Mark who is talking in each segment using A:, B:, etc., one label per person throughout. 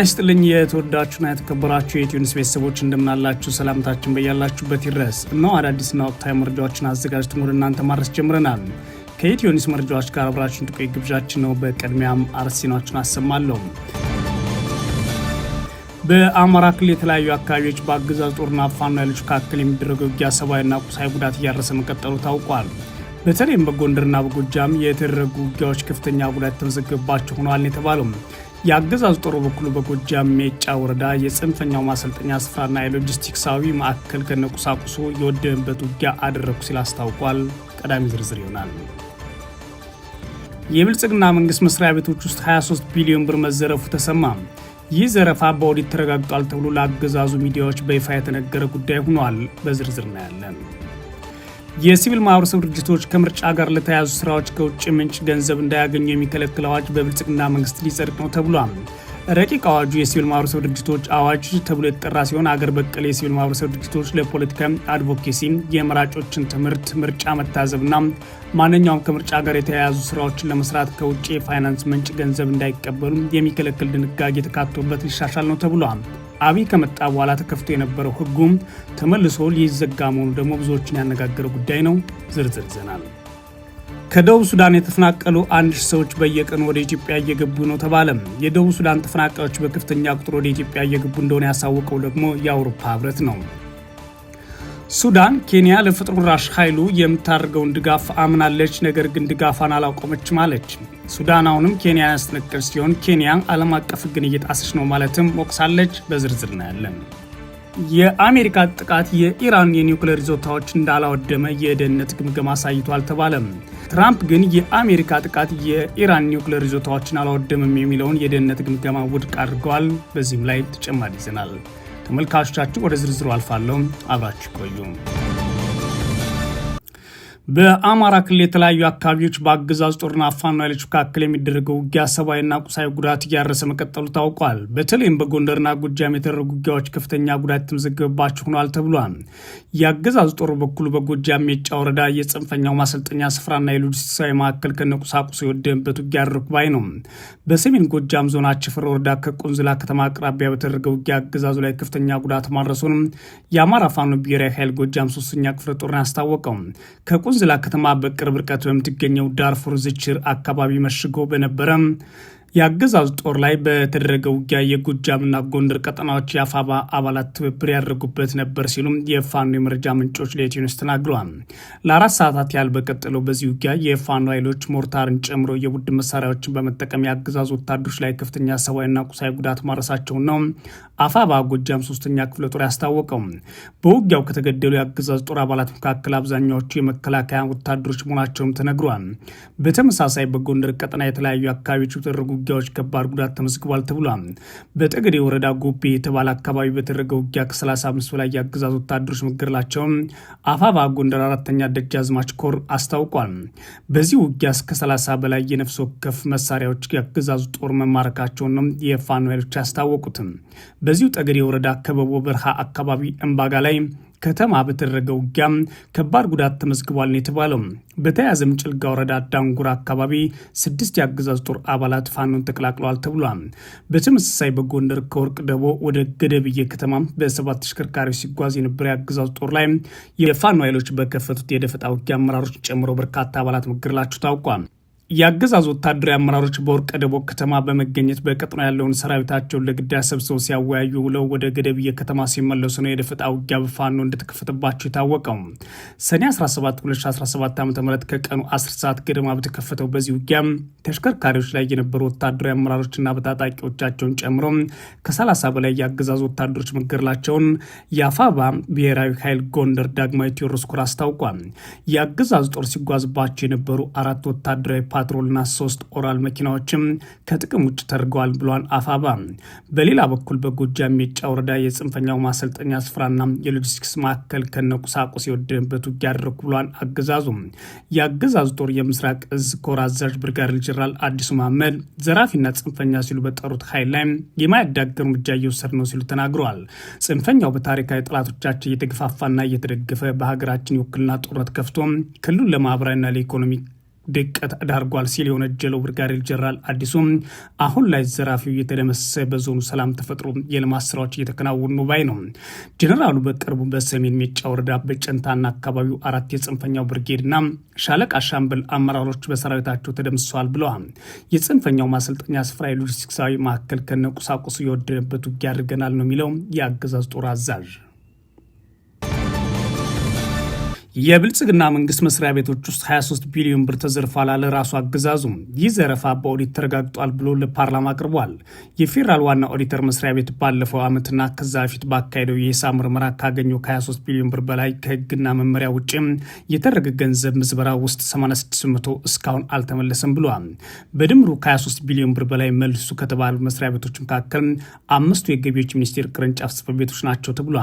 A: ጤና ይስጥልኝ የተወዳችሁና የተከበራችሁ የኢትዮኒስ ቤተሰቦች እንደምናላችሁ ሰላምታችን በያላችሁበት ይድረስ። እነሆ አዳዲስና ወቅታዊ መረጃዎችን አዘጋጅተን ወደ እናንተ ማድረስ ጀምረናል። ከኢትዮኒስ መረጃዎች ጋር አብራችን ጥቆይ ግብዣችን ነው። በቅድሚያም አርዕስተ ዜናዎችን አሰማለሁ። በአማራ ክልል የተለያዩ አካባቢዎች በአገዛዝ ጦርና ፋኖ ኃይሎች መካከል የሚደረገው ውጊያ ሰብአዊና ቁሳዊ ጉዳት እያደረሰ መቀጠሉ ታውቋል። በተለይም በጎንደርና በጎጃም የተደረጉ ውጊያዎች ከፍተኛ ጉዳት የተመዘገበባቸው ሆነዋል የተባለው የአገዛዙ ጦር በኩሉ በጎጃም ሜጫ ወረዳ የጽንፈኛው ማሰልጠኛ ስፍራና የሎጂስቲክሳዊ ማዕከል ከነቁሳቁሱ የወደመበት ውጊያ አደረግኩ ሲል አስታውቋል። ቀዳሚ ዝርዝር ይሆናል። የብልጽግና መንግስት መስሪያ ቤቶች ውስጥ 23 ቢሊዮን ብር መዘረፉ ተሰማ። ይህ ዘረፋ በኦዲት ተረጋግጧል ተብሎ ለአገዛዙ ሚዲያዎች በይፋ የተነገረ ጉዳይ ሆኗል። በዝርዝር እናያለን። የሲቪል ማህበረሰብ ድርጅቶች ከምርጫ ጋር ለተያያዙ ስራዎች ከውጭ ምንጭ ገንዘብ እንዳያገኙ የሚከለክል አዋጅ በብልጽግና መንግስት ሊጸድቅ ነው ተብሏል። ረቂቅ አዋጁ የሲቪል ማህበረሰብ ድርጅቶች አዋጅ ተብሎ የተጠራ ሲሆን አገር በቀል የሲቪል ማህበረሰብ ድርጅቶች ለፖለቲካ አድቮኬሲ፣ የመራጮችን ትምህርት፣ ምርጫ መታዘብና ማንኛውም ከምርጫ ጋር የተያያዙ ስራዎችን ለመስራት ከውጭ የፋይናንስ ምንጭ ገንዘብ እንዳይቀበሉ የሚከለክል ድንጋጌ ተካቶበት ሊሻሻል ነው ተብሏል። አብይ ከመጣ በኋላ ተከፍቶ የነበረው ህጉም ተመልሶ ሊዘጋ መሆኑ ደግሞ ብዙዎችን ያነጋገረ ጉዳይ ነው። ዝርዝር ይዘናል። ከደቡብ ሱዳን የተፈናቀሉ አንድ ሺህ ሰዎች በየቀኑ ወደ ኢትዮጵያ እየገቡ ነው ተባለ። የደቡብ ሱዳን ተፈናቃዮች በከፍተኛ ቁጥር ወደ ኢትዮጵያ እየገቡ እንደሆነ ያሳወቀው ደግሞ የአውሮፓ ህብረት ነው። ሱዳን ኬንያ ለፈጥኖ ደራሽ ኃይሉ የምታደርገውን ድጋፍ አምናለች፣ ነገር ግን ድጋፏን አላቆመችም አለች። ሱዳን አሁንም ኬንያ ያስነቀች ሲሆን ኬንያ ዓለም አቀፍ ሕግን እየጣሰች ነው ማለትም ሞቅሳለች በዝርዝር እናያለን። የአሜሪካ ጥቃት የኢራን የኒውክሌር ይዞታዎች እንዳላወደመ የደህንነት ግምገማ አሳይቶ አልተባለም። ትራምፕ ግን የአሜሪካ ጥቃት የኢራን ኒውክሌር ይዞታዎችን አላወደመም የሚለውን የደህንነት ግምገማ ውድቅ አድርገዋል። በዚህም ላይ ተጨማሪ ይዘናል። ተመልካቾቻችን ወደ ዝርዝሩ አልፋለሁ። አብራችሁ ቆዩ። በአማራ ክልል የተለያዩ አካባቢዎች በአገዛዝ ጦርና ፋኖ ኃይሎች መካከል የሚደረገው ውጊያ ሰብአዊና ቁሳዊ ጉዳት እያረሰ መቀጠሉ ታውቋል። በተለይም በጎንደርና ጎጃም የተደረጉ ውጊያዎች ከፍተኛ ጉዳት የተመዘገበባቸው ሆኗል ተብሏል። የአገዛዝ ጦር በኩሉ በጎጃም ሜጫ ወረዳ የጽንፈኛው ማሰልጠኛ ስፍራና የሎጂስቲክሳዊ መካከል ከነቁሳቁስ የወደመበት ውጊያ አደረኩ ባይ ነው። በሰሜን ጎጃም ዞን አቸፈር ወረዳ ከቆንዝላ ከተማ አቅራቢያ በተደረገ ውጊያ አገዛዙ ላይ ከፍተኛ ጉዳት ማድረሱንም የአማራ ፋኖ ብሔራዊ ኃይል ጎጃም ሶስተኛ ክፍለ ጦርን አስታወቀው። በቡንዝላ ከተማ በቅርብ ርቀት በምትገኘው ዳርፉር ዝችር አካባቢ መሽጎ በነበረም የአገዛዙ ጦር ላይ በተደረገ ውጊያ የጎጃምና ጎንደር ቀጠናዎች የአፋባ አባላት ትብብር ያደርጉበት ነበር ሲሉም የፋኖ የመረጃ ምንጮች ለኢትዮ ኒውስ ተናግረዋል። ለአራት ሰዓታት ያህል በቀጠለው በዚህ ውጊያ የፋኖ ኃይሎች ሞርታርን ጨምሮ የቡድን መሳሪያዎችን በመጠቀም የአገዛዙ ወታደሮች ላይ ከፍተኛ ሰብአዊና ቁሳዊ ጉዳት ማድረሳቸውን ነው አፋባ ጎጃም ሶስተኛ ክፍለ ጦር ያስታወቀው። በውጊያው ከተገደሉ የአገዛዙ ጦር አባላት መካከል አብዛኛዎቹ የመከላከያ ወታደሮች መሆናቸውም ተነግሯል። በተመሳሳይ በጎንደር ቀጠና የተለያዩ አካባቢዎች የተደረጉ ውጊያዎች ከባድ ጉዳት ተመዝግቧል ተብሏል። በጠገዴ ወረዳ ጎቤ የተባለ አካባቢ በተደረገ ውጊያ ከ35 በላይ የአገዛዝ ወታደሮች መገደላቸውን አፋባ ጎንደር አራተኛ ደጃዝማች ኮር አስታውቋል። በዚህ ውጊያ እስከ 30 በላይ የነፍስ ወከፍ መሳሪያዎች የአገዛዙ ጦር መማረካቸውን ነው የፋኖ ኃይሎች ያስታወቁትም። በዚሁ ጠገዴ ወረዳ ከበቦ በረሃ አካባቢ እምባጋ ላይ ከተማ በተደረገ ውጊያ ከባድ ጉዳት ተመዝግቧል ነው የተባለው። በተያያዘም ጭልጋ ወረዳ ዳንጉር አካባቢ ስድስት የአገዛዝ ጦር አባላት ፋኖን ተቀላቅለዋል ተብሏል። በተመሳሳይ በጎንደር ከወርቅ ደቦ ወደ ገደብዬ ከተማ በሰባት ተሽከርካሪዎች ሲጓዝ የነበረ የአገዛዝ ጦር ላይ የፋኖ ኃይሎች በከፈቱት የደፈጣ ውጊያ አመራሮች ጨምሮ በርካታ አባላት መገደላቸው ታውቋል። የአገዛዙ ወታደራዊ አመራሮች በወርቀ ደቦ ከተማ በመገኘት በቀጥና ያለውን ሰራዊታቸውን ለግዳጅ ሰብስበው ሲያወያዩ ውለው ወደ ገደብየ ከተማ ሲመለሱ ነው የደፈጣ ውጊያ በፋኖ እንደተከፈተባቸው የታወቀው። ሰኔ 17 2017 ዓ ም ከቀኑ 10 ሰዓት ገደማ በተከፈተው በዚህ ውጊያ ተሽከርካሪዎች ላይ የነበሩ ወታደራዊ አመራሮችና በታጣቂዎቻቸውን ጨምሮ ከ30 በላይ የአገዛዙ ወታደሮች መገደላቸውን የአፋባ ብሔራዊ ኃይል ጎንደር ዳግማዊ ቴዎድሮስ ኮር አስታውቋል። የአገዛዙ ጦር ሲጓዝባቸው የነበሩ አራት ወታደራዊ ፓትሮልና ሶስት ኦራል መኪናዎችም ከጥቅም ውጭ ተደርገዋል ብሏል አፋባ። በሌላ በኩል በጎጃም ሜጫ ወረዳ የጽንፈኛው ማሰልጠኛ ስፍራና የሎጂስቲክስ ማዕከል ከነቁሳቁስ የወደመበት ውጊያ አደረኩ ብሏል አገዛዙ። የአገዛዙ ጦር የምስራቅ እዝ ኮር አዛዥ ብርጋዴር ጄኔራል አዲሱ መሐመድ ዘራፊና ጽንፈኛ ሲሉ በጠሩት ኃይል ላይ የማያዳግም እርምጃ እየወሰድ ነው ሲሉ ተናግረዋል። ጽንፈኛው በታሪካዊ ጠላቶቻችን እየተገፋፋና እየተደገፈ በሀገራችን የውክልና ጦርነት ከፍቶ ክልሉን ለማህበራዊና ለኢኮኖሚ ድቀት ዳርጓል ሲል የወነጀለው ብርጋዴር ጀነራል አዲሱም አሁን ላይ ዘራፊው የተደመሰ በዞኑ ሰላም ተፈጥሮ የልማት ስራዎች እየተከናወኑ ነው ባይ ነው። ጀነራሉ በቅርቡ በሰሜን ሜጫ ወረዳ በጨንታና አካባቢው አራት የጽንፈኛው ብርጌድና ሻለቃ ሻምበል አመራሮች በሰራዊታቸው ተደምሰዋል ብለዋል። የጽንፈኛው ማሰልጠኛ ስፍራ የሎጂስቲክሳዊ ማዕከል ከነቁሳቁስ ቁሳቁሱ የወደደበት ውጊያ አድርገናል ነው የሚለው የአገዛዝ ጦር አዛዥ የብልጽግና መንግስት መስሪያ ቤቶች ውስጥ 23 ቢሊዮን ብር ተዘርፏል አለ ራሱ አገዛዙ። ይህ ዘረፋ በኦዲት ተረጋግጧል ብሎ ለፓርላማ አቅርቧል። የፌዴራል ዋና ኦዲተር መስሪያ ቤት ባለፈው ዓመትና ከዛ በፊት ባካሄደው የሂሳብ ምርመራ ካገኘው ከ23 ቢሊዮን ብር በላይ ከህግና መመሪያ ውጭ የተደረገ ገንዘብ ምዝበራ ውስጥ 86 በመቶ እስካሁን አልተመለሰም ብሏል። በድምሩ ከ23 ቢሊዮን ብር በላይ መልሱ ከተባሉ መስሪያ ቤቶች መካከል አምስቱ የገቢዎች ሚኒስቴር ቅርንጫፍ ጽሕፈት ቤቶች ናቸው ተብሏል።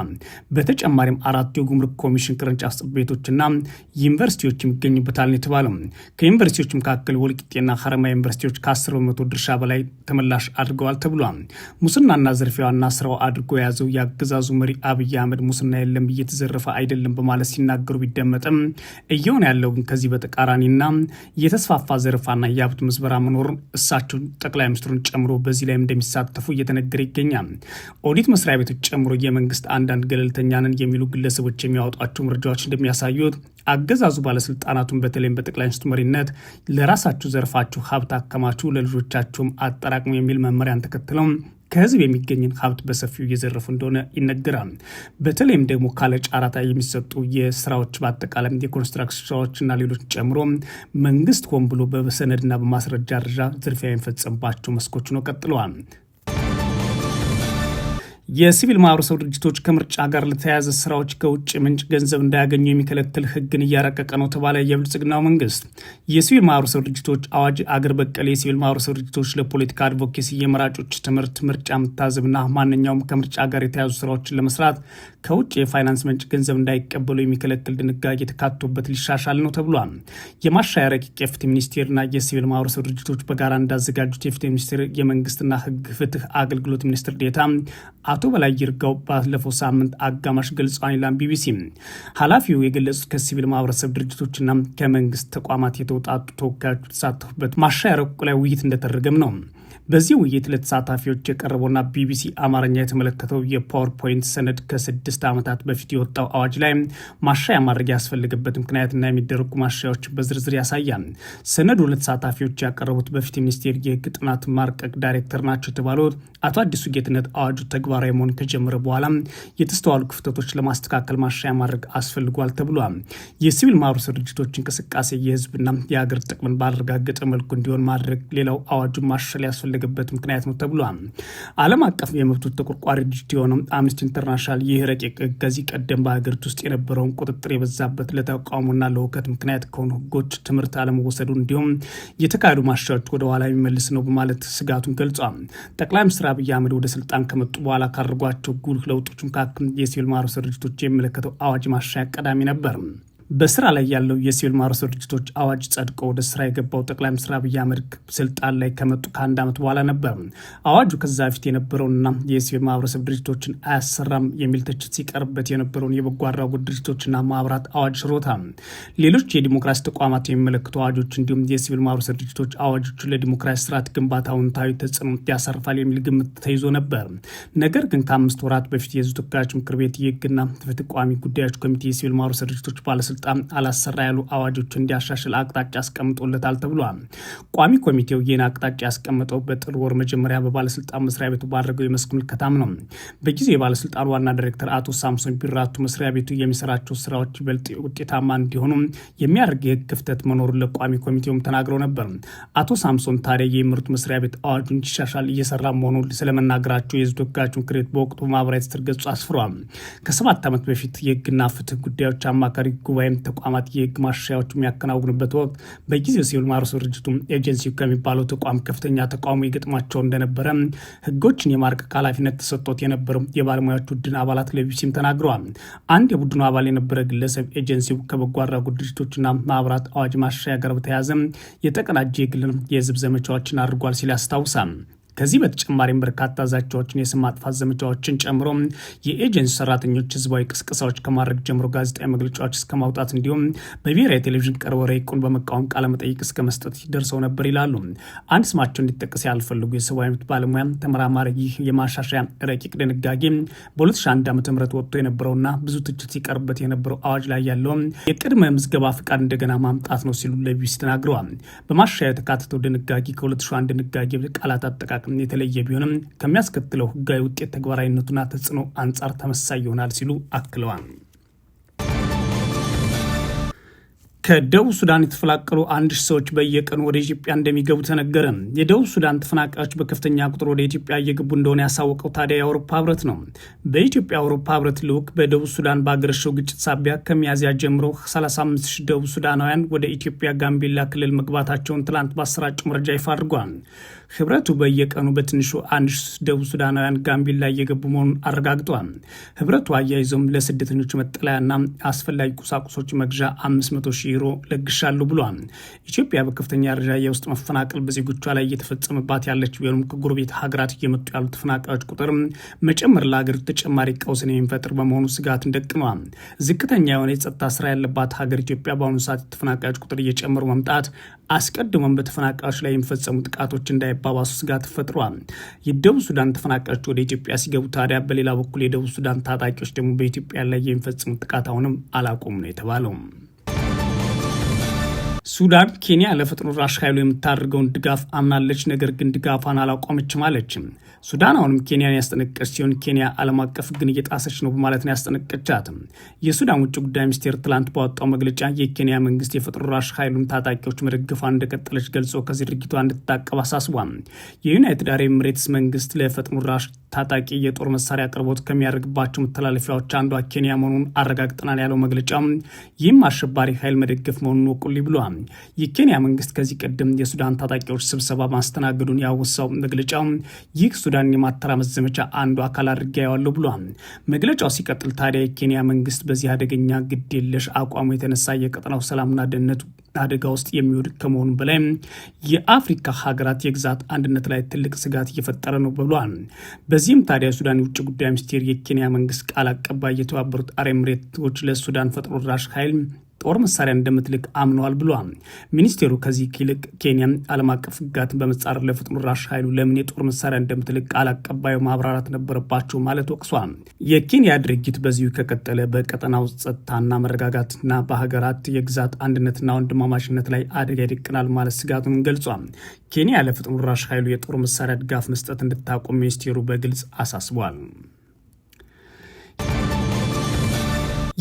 A: በተጨማሪም አራቱ የጉምሩክ ኮሚሽን ቅርንጫፍ ጽሕፈት ቤቶች ኮሌጆችና ዩኒቨርሲቲዎች ይገኙበታል ነው የተባለው። ከዩኒቨርሲቲዎች መካከል ወልቂጤና ሀረማ ዩኒቨርሲቲዎች ከ10 በመቶ ድርሻ በላይ ተመላሽ አድርገዋል ተብሏል። ሙስናና ዝርፊያ ስራው አድርጎ የያዘው የአገዛዙ መሪ አብይ አህመድ ሙስና የለም እየተዘረፈ አይደለም በማለት ሲናገሩ ቢደመጥም እየሆነ ያለው ግን ከዚህ በተቃራኒና የተስፋፋ ዘረፋና የሀብት ምዝበራ መኖር እሳቸው ጠቅላይ ሚኒስትሩን ጨምሮ በዚህ ላይ እንደሚሳተፉ እየተነገረ ይገኛል። ኦዲት መስሪያ ቤቶች ጨምሮ የመንግስት አንዳንድ ገለልተኛንን የሚሉ ግለሰቦች የሚያወጧቸው መረጃዎች እንደሚያሳ ያሳዩት አገዛዙ ባለስልጣናቱን በተለይም በጠቅላይ ሚኒስትሩ መሪነት ለራሳችሁ ዘርፋችሁ ሀብት አከማችሁ ለልጆቻችሁም አጠራቅሙ የሚል መመሪያን ተከትለው ከህዝብ የሚገኝን ሀብት በሰፊው እየዘረፉ እንደሆነ ይነገራል። በተለይም ደግሞ ካለ ጫራታ የሚሰጡ የስራዎች በአጠቃላይ የኮንስትራክሽን ስራዎችና ሌሎች ጨምሮ መንግስት ሆን ብሎ በሰነድና በማስረጃ ደረጃ ዝርፊያ የሚፈጸምባቸው መስኮች ነው ቀጥለዋል። የሲቪል ማህበረሰብ ድርጅቶች ከምርጫ ጋር ለተያያዘ ስራዎች ከውጭ ምንጭ ገንዘብ እንዳያገኙ የሚከለክል ህግን እያረቀቀ ነው ተባለ። የብልጽግናው መንግስት የሲቪል ማህበረሰብ ድርጅቶች አዋጅ አገር በቀል የሲቪል ማህበረሰብ ድርጅቶች ለፖለቲካ አድቮኬሲ፣ የመራጮች ትምህርት፣ ምርጫ መታዘብና ማንኛውም ከምርጫ ጋር የተያዙ ስራዎችን ለመስራት ከውጭ የፋይናንስ ምንጭ ገንዘብ እንዳይቀበሉ የሚከለክል ድንጋጌ ተካቶበት ሊሻሻል ነው ተብሏል። የማሻሻያ ረቂቅ የፍትህ ሚኒስቴርና የሲቪል ማህበረሰብ ድርጅቶች በጋራ እንዳዘጋጁት የፍትህ ሚኒስቴር የመንግስትና ህግ ፍትህ አገልግሎት ሚኒስትር ዴታ አቶ በላይ ይርጋው ባለፈው ሳምንት አጋማሽ ገልጸዋል ይላል ቢቢሲ። ኃላፊው የገለጹት ከሲቪል ማህበረሰብ ድርጅቶችና ከመንግስት ተቋማት የተውጣጡ ተወካዮች የተሳተፉበት ማሻሻያ ረቂቁ ላይ ውይይት እንደተደረገም ነው። በዚህ ውይይት ለተሳታፊዎች የቀረበውና ቢቢሲ አማርኛ የተመለከተው የፓወርፖይንት ሰነድ ከስድስት ዓመታት በፊት የወጣው አዋጅ ላይ ማሻያ ማድረግ ያስፈልገበት ምክንያትና የሚደረጉ ማሻያዎች በዝርዝር ያሳያል። ሰነዱ ለተሳታፊዎች ያቀረቡት በፊት ሚኒስቴር የህግ ጥናት ማርቀቅ ዳይሬክተር ናቸው የተባሉት አቶ አዲሱ ጌትነት አዋጁ ተግባራዊ መሆን ከጀመረ በኋላ የተስተዋሉ ክፍተቶች ለማስተካከል ማሻያ ማድረግ አስፈልጓል ተብሏል። የሲቪል ማህበረሰብ ድርጅቶች እንቅስቃሴ የህዝብና የሀገር ጥቅምን ባረጋገጠ መልኩ እንዲሆን ማድረግ ሌላው አዋጁ ማሻል ያስፈልጋል የተፈለገበት ምክንያት ነው ተብሏል። ዓለም አቀፍ የመብቶች ተቆርቋሪ ድርጅት የሆነው አምነስቲ ኢንተርናሽናል ይህ ረቂቅ ከዚህ ቀደም በሀገሪቱ ውስጥ የነበረውን ቁጥጥር የበዛበት ለተቃውሞና ለውከት ምክንያት ከሆኑ ህጎች ትምህርት አለመወሰዱ እንዲሁም የተካሄዱ ማሻዎች ወደኋላ የሚመልስ ነው በማለት ስጋቱን ገልጿል። ጠቅላይ ሚኒስትር አብይ አህመድ ወደ ስልጣን ከመጡ በኋላ ካደርጓቸው ጉልህ ለውጦች መካከል የሲቪል ማህበረሰብ ድርጅቶች የሚመለከተው አዋጅ ማሻያ ቀዳሚ ነበር። በስራ ላይ ያለው የሲቪል ማህበረሰብ ድርጅቶች አዋጅ ጸድቆ ወደ ስራ የገባው ጠቅላይ ሚኒስትር አብይ አህመድ ስልጣን ላይ ከመጡ ከአንድ ዓመት በኋላ ነበር። አዋጁ ከዛ በፊት የነበረውንና የሲቪል ማህበረሰብ ድርጅቶችን አያሰራም የሚል ትችት ሲቀርበት የነበረውን የበጎ አድራጎት ድርጅቶችና ማህበራት አዋጅ ሽሮታል። ሌሎች የዲሞክራሲ ተቋማት የሚመለክቱ አዋጆች እንዲሁም የሲቪል ማህበረሰብ ድርጅቶች አዋጆቹን ለዲሞክራሲ ስርዓት ግንባታ አዎንታዊ ተጽዕኖ ያሳርፋል የሚል ግምት ተይዞ ነበር። ነገር ግን ከአምስት ወራት በፊት የህዝብ ተወካዮች ምክር ቤት የህግና ፍትህ ቋሚ ጉዳዮች ኮሚቴ የሲቪል ማህበረሰብ ድርጅቶች ባለስልጣ ባለስልጣን አላሰራ ያሉ አዋጆች እንዲያሻሽል አቅጣጫ አስቀምጦለታል ተብሏል። ቋሚ ኮሚቴው ይህን አቅጣጫ ያስቀመጠው በጥር ወር መጀመሪያ በባለስልጣን መስሪያ ቤቱ ባደረገው የመስክ ምልከታም ነው። በጊዜ የባለስልጣን ዋና ዲሬክተር አቶ ሳምሶን ቢራቱ መስሪያ ቤቱ የሚሰራቸው ስራዎች ይበልጥ ውጤታማ እንዲሆኑ የሚያደርግ የህግ ክፍተት መኖሩን ለቋሚ ኮሚቴውም ተናግረው ነበር። አቶ ሳምሶን ታዲያ የምርቱ መስሪያ ቤት አዋጁ እንዲሻሻል እየሰራ መሆኑን ስለመናገራቸው የህዝብ ተወካዮች ምክር ቤት በወቅቱ በማህበራዊ ትስስር ገጹ አስፍሯል። ከሰባት ዓመት በፊት የህግና ፍትህ ጉዳዮች አማካሪ ጉባኤ ወይም ተቋማት የህግ ማሻሻያዎች የሚያከናውኑበት ወቅት በጊዜው ሲቪል ማህበረሰብ ድርጅቱ ኤጀንሲ ከሚባለው ተቋም ከፍተኛ ተቃውሞ የገጥማቸው እንደነበረ ህጎችን የማርቀቅ ኃላፊነት ተሰጥቶት የነበረው የባለሙያዎች ቡድን አባላት ለቢቢሲም ተናግረዋል። አንድ የቡድኑ አባል የነበረ ግለሰብ ኤጀንሲው ከበጎ አድራጎት ድርጅቶችና ማህበራት አዋጅ ማሻሻያ ጋር በተያያዘ የተቀናጀ የግል የህዝብ ዘመቻዎችን አድርጓል ሲል ያስታውሳል። ከዚህ በተጨማሪም በርካታ ዛቻዎችን፣ የስም ማጥፋት ዘመቻዎችን ጨምሮ የኤጀንሲ ሰራተኞች ህዝባዊ ቅስቀሳዎች ከማድረግ ጀምሮ ጋዜጣዊ መግለጫዎች እስከ ማውጣት እንዲሁም በብሔራዊ ቴሌቪዥን ቀርቦ ረቂቁን በመቃወም መጠይቅ እስከ መስጠት ደርሰው ነበር ይላሉ አንድ ስማቸው እንዲጠቀስ ያልፈልጉ የሰብአዊ መብት ባለሙያ ተመራማሪ። ይህ የማሻሻያ ረቂቅ ድንጋጌ በ2001 ዓ ም ወጥቶ የነበረውና ብዙ ትችት ሲቀርብበት የነበረው አዋጅ ላይ ያለው የቅድመ ምዝገባ ፍቃድ እንደገና ማምጣት ነው ሲሉ ለቢቢሲ ተናግረዋል። በማሻሻያ የተካተተው ድንጋጌ ከ2001 ድንጋጌ ቃላት አጠቃቀ የተለየ ቢሆንም ከሚያስከትለው ህጋዊ ውጤት ተግባራዊነቱና ተጽዕኖ አንጻር ተመሳይ ይሆናል ሲሉ አክለዋል። ከደቡብ ሱዳን የተፈላቀሉ አንድ ሺህ ሰዎች በየቀኑ ወደ ኢትዮጵያ እንደሚገቡ ተነገረ። የደቡብ ሱዳን ተፈናቃዮች በከፍተኛ ቁጥር ወደ ኢትዮጵያ እየገቡ እንደሆነ ያሳወቀው ታዲያ የአውሮፓ ህብረት ነው። በኢትዮጵያ አውሮፓ ህብረት ልዑክ በደቡብ ሱዳን በአገረሸው ግጭት ሳቢያ ከሚያዝያ ጀምሮ 35 ሺህ ደቡብ ሱዳናውያን ወደ ኢትዮጵያ ጋምቤላ ክልል መግባታቸውን ትላንት ባሰራጨው መረጃ ይፋ አድርጓል። ህብረቱ በየቀኑ በትንሹ አንድ ደቡብ ሱዳናውያን ላይ እየገቡ መሆኑን አረጋግጧል። ህብረቱ አያይዞም ለስደተኞች መጠለያና አስፈላጊ ቁሳቁሶች መግዣ 500 ሺህ ዩሮ ለግሻሉ ብሏል። ኢትዮጵያ በከፍተኛ ደረጃ የውስጥ መፈናቀል በዜጎቿ ላይ እየተፈጸመባት ያለች ቢሆንም ከጎረቤት ሀገራት እየመጡ ያሉ ተፈናቃዮች ቁጥር መጨመር ለሀገሪቱ ተጨማሪ ቀውስን የሚፈጥር በመሆኑ ስጋትን ደቅነዋል። ዝቅተኛ የሆነ የጸጥታ ስራ ያለባት ሀገር ኢትዮጵያ በአሁኑ ሰዓት የተፈናቃዮች ቁጥር እየጨመሩ መምጣት አስቀድሞም በተፈናቃዮች ላይ የሚፈጸሙ ጥቃቶች እንዳይ የመባባሱ ስጋት ፈጥሯል። የደቡብ ሱዳን ተፈናቃዮች ወደ ኢትዮጵያ ሲገቡ ታዲያ፣ በሌላ በኩል የደቡብ ሱዳን ታጣቂዎች ደግሞ በኢትዮጵያ ላይ የሚፈጽሙት ጥቃት አሁንም አላቆሙ ነው የተባለው። ሱዳን ኬንያ ለፈጥኖ ደራሽ ኃይሉ የምታደርገውን ድጋፍ አምናለች። ነገር ግን ድጋፏን አላቋመችም አለችም። ሱዳን አሁንም ኬንያን ያስጠነቀች ሲሆን ኬንያ ዓለም አቀፍ ሕግን እየጣሰች ነው በማለት ነው የሱዳን ውጭ ጉዳይ ሚኒስቴር ትላንት ባወጣው መግለጫ የኬንያ መንግስት የፈጥኖ ደራሽ ኃይሉን ታጣቂዎች መደገፏን እንደቀጠለች ገልጾ ከዚህ ድርጊቷ እንድትታቀብ አሳስቧል። የዩናይትድ አረብ ኤምሬትስ መንግስት ለፈጥኖ ደራሽ ታጣቂ የጦር መሳሪያ አቅርቦት ከሚያደርግባቸው መተላለፊያዎች አንዷ ኬንያ መሆኑን አረጋግጠናል ያለው መግለጫ ይህም አሸባሪ ኃይል መደገፍ መሆኑን ወቁል ብሏል። የኬንያ መንግስት ከዚህ ቀደም የሱዳን ታጣቂዎች ስብሰባ ማስተናገዱን ያወሳው መግለጫ ይህ ሱዳንን የማተራመስ ዘመቻ አንዱ አካል አድርጌያለሁ ብሏል። መግለጫው ሲቀጥል ታዲያ የኬንያ መንግስት በዚህ አደገኛ የለሽ አቋሙ የተነሳ የቀጠናው ሰላምና ደህንነት አደጋ ውስጥ የሚወድቅ ከመሆኑ በላይ የአፍሪካ ሀገራት የግዛት አንድነት ላይ ትልቅ ስጋት እየፈጠረ ነው ብሏል። በዚህም ታዲያ የሱዳን የውጭ ጉዳይ ሚኒስቴር የኬንያ መንግስት ቃል አቀባይ የተባበሩት አረብ ኤሚሬቶች ለሱዳን ፈጥኖ ደራሽ ኃይል ጦር መሳሪያ እንደምትልክ አምነዋል ብሏል። ሚኒስቴሩ ከዚህ ይልቅ ኬንያ ዓለም አቀፍ ሕግጋትን በመጻረር ለፍጥኑ ራሽ ኃይሉ ለምን የጦር መሳሪያ እንደምትልክ ቃል አቀባዩ ማብራራት ነበረባቸው ማለት ወቅሷል። የኬንያ ድርጊት በዚሁ ከቀጠለ በቀጠናው ጸጥታና መረጋጋትና በሀገራት የግዛት አንድነትና ወንድማማችነት ላይ አደጋ ይደቅናል ማለት ስጋቱን ገልጿል። ኬንያ ለፍጥኑ ራሽ ኃይሉ የጦር መሳሪያ ድጋፍ መስጠት እንድታቆም ሚኒስቴሩ በግልጽ አሳስቧል።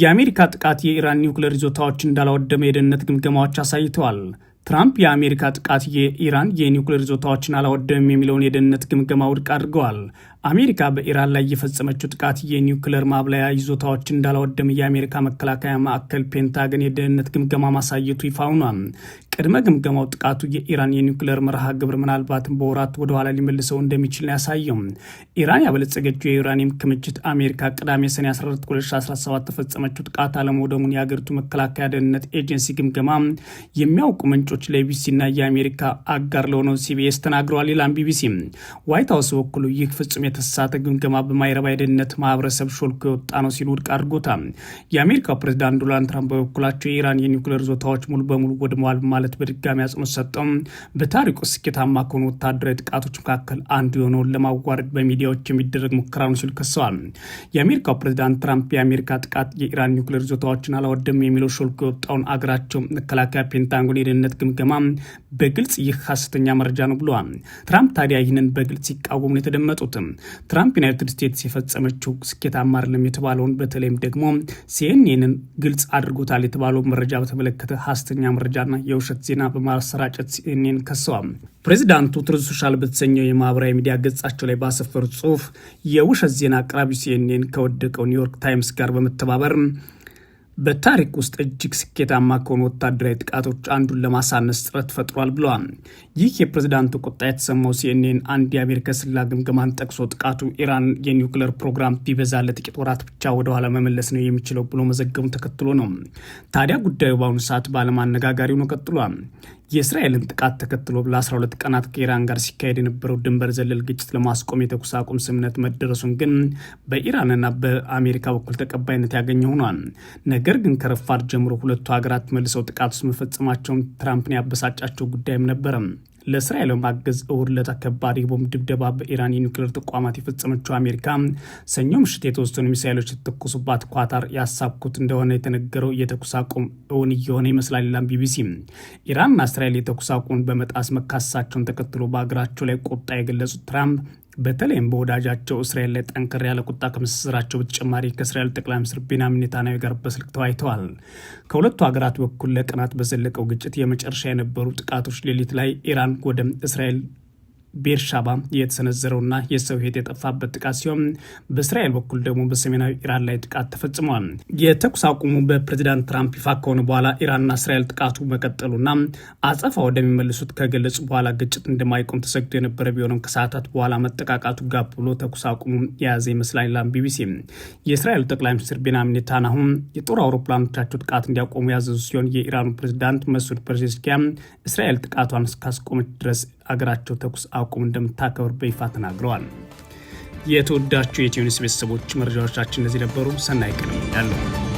A: የአሜሪካ ጥቃት የኢራን ኒውክሌር ይዞታዎችን እንዳላወደመ የደህንነት ግምገማዎች አሳይተዋል። ትራምፕ የአሜሪካ ጥቃት የኢራን የኒውክሌር ይዞታዎችን አላወደምም የሚለውን የደህንነት ግምገማ ውድቅ አድርገዋል። አሜሪካ በኢራን ላይ የፈጸመችው ጥቃት የኒውክሌር ማብለያ ይዞታዎች እንዳላወደም የአሜሪካ መከላከያ ማዕከል ፔንታገን የደህንነት ግምገማ ማሳየቱ ይፋ ሆኗል። ቅድመ ግምገማው ጥቃቱ የኢራን የኒውክሌር መርሃ ግብር ምናልባትም በወራት ወደኋላ ሊመልሰው እንደሚችል ነው ያሳየው። ኢራን ያበለጸገችው የዩራኒየም ክምችት አሜሪካ ቅዳሜ ሰኔ 14 2017 ተፈጸመችው ጥቃት አለመውደሙን የአገሪቱ መከላከያ ደህንነት ኤጀንሲ ግምገማ የሚያውቁ ምንጮች ለቢቢሲና የአሜሪካ አጋር ለሆነው ሲቢኤስ ተናግረዋል። ይላም ቢቢሲ ዋይት ሀውስ በኩሉ ይህ ፍጹም የተሳሳተ ግምገማ በማይረባ የደህንነት ማህበረሰብ ሾልኮ የወጣ ነው ሲል ውድቅ አድርጎታል። የአሜሪካው ፕሬዚዳንት ዶናልድ ትራምፕ በበኩላቸው የኢራን የኒውክሌር ዞታዎች ሙሉ በሙሉ ወድመዋል ማለት በድጋሚ አጽንኦት ሰጠው። በታሪኩ ስኬታማ ከሆኑ ወታደራዊ ጥቃቶች መካከል አንዱ የሆነውን ለማዋረድ በሚዲያዎች የሚደረግ ሙከራ ነው ሲል ከሰዋል። የአሜሪካው ፕሬዚዳንት ትራምፕ የአሜሪካ ጥቃት የኢራን ኒውክሌር ዞታዎችን አላወደም የሚለው ሾልኮ የወጣውን አገራቸው መከላከያ ፔንታንጎን የደህንነት ግምገማ በግልጽ ይህ ሐሰተኛ መረጃ ነው ብለዋል። ትራምፕ ታዲያ ይህንን በግልጽ ሲቃወሙ ነው የተደመጡትም። ትራምፕ ዩናይትድ ስቴትስ የፈጸመችው ስኬታማ አይደለም የተባለውን በተለይም ደግሞ ሲኤንኤንን ግልጽ አድርጎታል የተባለው መረጃ በተመለከተ ሀሰተኛ መረጃና የውሸት ዜና በማሰራጨት ሲኤንኤን ከሰዋል። ፕሬዚዳንቱ ትሩዝ ሶሻል በተሰኘው የማህበራዊ ሚዲያ ገጻቸው ላይ ባሰፈሩት ጽሁፍ የውሸት ዜና አቅራቢ ሲኤንኤን ከወደቀው ኒውዮርክ ታይምስ ጋር በመተባበር በታሪክ ውስጥ እጅግ ስኬታማ ከሆኑ ወታደራዊ ጥቃቶች አንዱን ለማሳነስ ጥረት ፈጥሯል ብለዋል። ይህ የፕሬዚዳንቱ ቁጣ የተሰማው ሲኤንኤን አንድ የአሜሪካ ስላ ግምገማን ጠቅሶ ጥቃቱ ኢራን የኒውክሌር ፕሮግራም ቢበዛ ለጥቂት ወራት ብቻ ወደኋላ መመለስ ነው የሚችለው ብሎ መዘገቡ ተከትሎ ነው። ታዲያ ጉዳዩ በአሁኑ ሰዓት በዓለም አነጋጋሪ ሆኖ ቀጥሏል። የእስራኤልን ጥቃት ተከትሎ ለ12 ቀናት ከኢራን ጋር ሲካሄድ የነበረው ድንበር ዘለል ግጭት ለማስቆም የተኩስ አቁም ስምምነት መደረሱን ግን በኢራንና በአሜሪካ በኩል ተቀባይነት ያገኘ ሆኗል። ነገር ግን ከረፋድ ጀምሮ ሁለቱ ሀገራት መልሰው ጥቃት ውስጥ መፈጸማቸውን ትራምፕን ያበሳጫቸው ጉዳይም ነበረም። ለእስራኤል በማገዝ እሁድ ዕለት ከባድ የቦምብ ድብደባ በኢራን የኒውክሌር ተቋማት የፈጸመችው አሜሪካ ሰኞ ምሽት የተወሰኑ ሚሳይሎች የተተኩሱባት ኳታር ያሳብኩት እንደሆነ የተነገረው የተኩስ አቁም እውን እየሆነ ይመስላል ይላል ቢቢሲ። ኢራንና እስራኤል የተኩስ አቁሙን በመጣስ መካሰሳቸውን ተከትሎ በሀገራቸው ላይ ቁጣ የገለጹት ትራምፕ በተለይም በወዳጃቸው እስራኤል ላይ ጠንከር ያለ ቁጣ ከመሰንዘራቸው በተጨማሪ ከእስራኤል ጠቅላይ ሚኒስትር ቤንያሚን ኔታንያሁ ጋር በስልክ ተወያይተዋል። ከሁለቱ ሀገራት በኩል ለቀናት በዘለቀው ግጭት የመጨረሻ የነበሩ ጥቃቶች ሌሊት ላይ ኢራን ወደ እስራኤል ቤርሻባ የተሰነዘረውና የሰው ሕይወት የጠፋበት ጥቃት ሲሆን በእስራኤል በኩል ደግሞ በሰሜናዊ ኢራን ላይ ጥቃት ተፈጽሟል። የተኩስ አቁሙ በፕሬዚዳንት ትራምፕ ይፋ ከሆነ በኋላ ኢራንና እስራኤል ጥቃቱ መቀጠሉና አጸፋ ወደሚመልሱት ከገለጹ በኋላ ግጭት እንደማይቆም ተሰግቶ የነበረ ቢሆንም ከሰዓታት በኋላ መጠቃቃቱ ጋብ ብሎ ተኩስ አቁሙ የያዘ ይመስላል ይላል ቢቢሲ። የእስራኤሉ ጠቅላይ ሚኒስትር ቤንያሚን ኔታንያሁ የጦር አውሮፕላኖቻቸው ጥቃት እንዲያቆሙ ያዘዙ ሲሆን የኢራኑ ፕሬዚዳንት መሱድ ፐርዜሽኪያ እስራኤል ጥቃቷን እስካስቆመች ድረስ አገራቸው ተኩስ አቁም እንደምታከብር በይፋ ተናግረዋል። የተወዳችሁ የኢትዮ ኒውስ ቤተሰቦች መረጃዎቻችን እነዚህ ነበሩ። ሰናይ ቀን እመኛለሁ።